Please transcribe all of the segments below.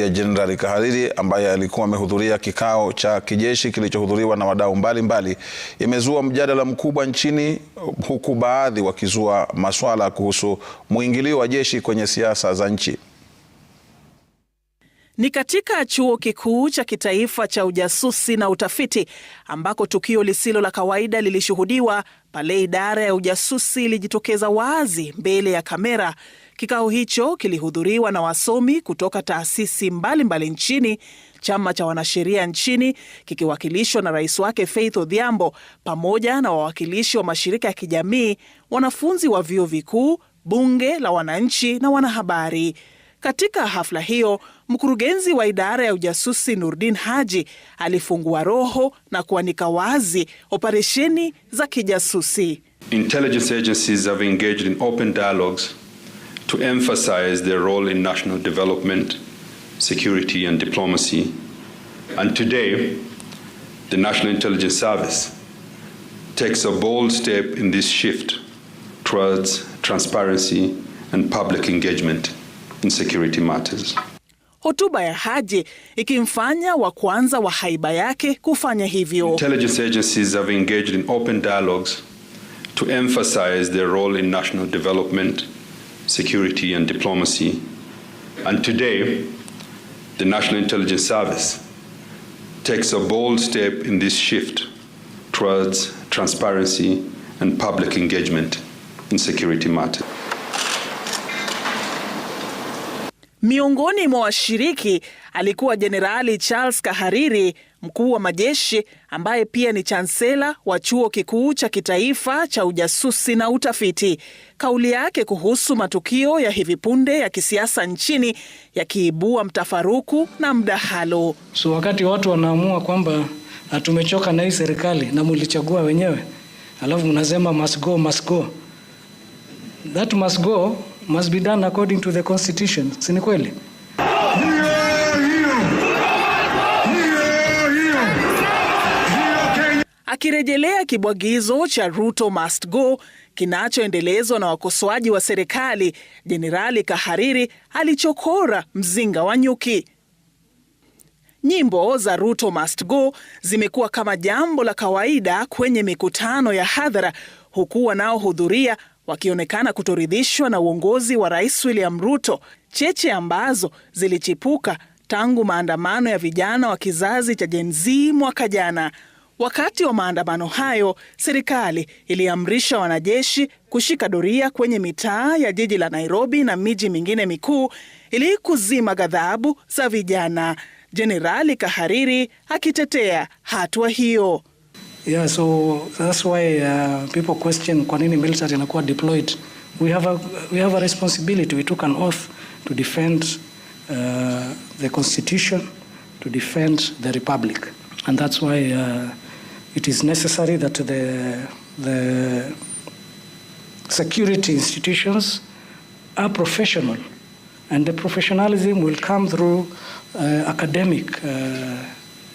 ya Jenerali Kahariri ambaye alikuwa amehudhuria kikao cha kijeshi kilichohudhuriwa na wadau mbalimbali imezua mjadala mkubwa nchini, huku baadhi wakizua maswala kuhusu mwingilio wa jeshi kwenye siasa za nchi. Ni katika chuo kikuu cha kitaifa cha ujasusi na utafiti ambako tukio lisilo la kawaida lilishuhudiwa pale idara ya ujasusi ilijitokeza wazi mbele ya kamera. Kikao hicho kilihudhuriwa na wasomi kutoka taasisi mbalimbali mbali nchini, chama cha wanasheria nchini kikiwakilishwa na rais wake Faith Odhiambo, pamoja na wawakilishi wa mashirika ya kijamii, wanafunzi wa vyuo vikuu, bunge la wananchi na wanahabari. Katika hafla hiyo, mkurugenzi wa idara ya ujasusi Nurdin Haji alifungua roho na kuanika wazi operesheni za kijasusi. Intelligence agencies have engaged in open dialogues to emphasize their role in national development, security and diplomacy. And today, the National Intelligence Service takes a bold step in this shift towards transparency and public engagement in security matters. Hotuba ya Haji ikimfanya wa kwanza wa haiba yake kufanya hivyo. Intelligence agencies have engaged in open dialogues to emphasize their role in national development, security and diplomacy. And today, the National Intelligence Service takes a bold step in this shift towards transparency and public engagement in security matters. Miongoni mwa washiriki alikuwa Jenerali Charles Kahariri, mkuu wa majeshi ambaye pia ni chansela wa Chuo Kikuu cha Kitaifa cha Ujasusi na Utafiti. Kauli yake kuhusu matukio ya hivi punde ya kisiasa nchini yakiibua mtafaruku na mdahalo. So wakati watu wanaamua kwamba ah, tumechoka na hii serikali na mulichagua wenyewe, alafu mnasema must go, must go. That must go must be done according to the constitution. Si ni kweli? Akirejelea kibwagizo cha Ruto must go kinachoendelezwa na wakosoaji wa serikali, Jenerali Kahariri alichokora mzinga wa nyuki. Nyimbo za Ruto must go zimekuwa kama jambo la kawaida kwenye mikutano ya hadhara, huku wanaohudhuria wakionekana kutoridhishwa na uongozi wa Rais William Ruto, cheche ambazo zilichipuka tangu maandamano ya vijana wa kizazi cha Gen Z mwaka jana. Wakati wa maandamano hayo, serikali iliamrisha wanajeshi kushika doria kwenye mitaa ya jiji la Nairobi na miji mingine mikuu ili kuzima ghadhabu za vijana. Jenerali Kahariri akitetea hatua hiyo. Yeah, so that's why uh, people question kwa nini military inakuwa deployed. We have a, we have a responsibility. We took an oath to defend uh, the constitution, to defend the republic. And that's why uh, it is necessary that the, the security institutions are professional. And the professionalism will come through uh, academic uh,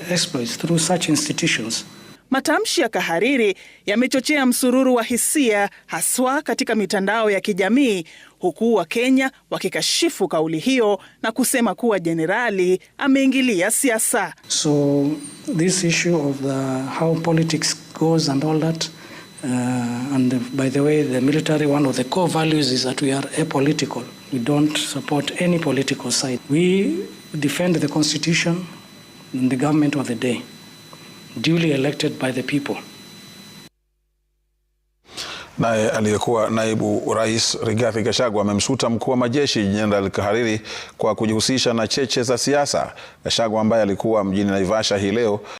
exploits, through such institutions. Matamshi ya Kahariri yamechochea msururu wa hisia haswa katika mitandao ya kijamii, huku Wakenya wakikashifu kauli hiyo na kusema kuwa jenerali ameingilia siasa. So this issue of the how politics goes and all that uh, and the, by the way the military one of the core values is that we are apolitical. We don't support any political side. We defend the constitution and the government of the day duly elected by the people. Naye aliyekuwa naibu rais Rigathi Gachagua amemsuta mkuu wa majeshi Jenerali Kahariri kwa kujihusisha na cheche za siasa. Gachagua ambaye alikuwa mjini Naivasha hii leo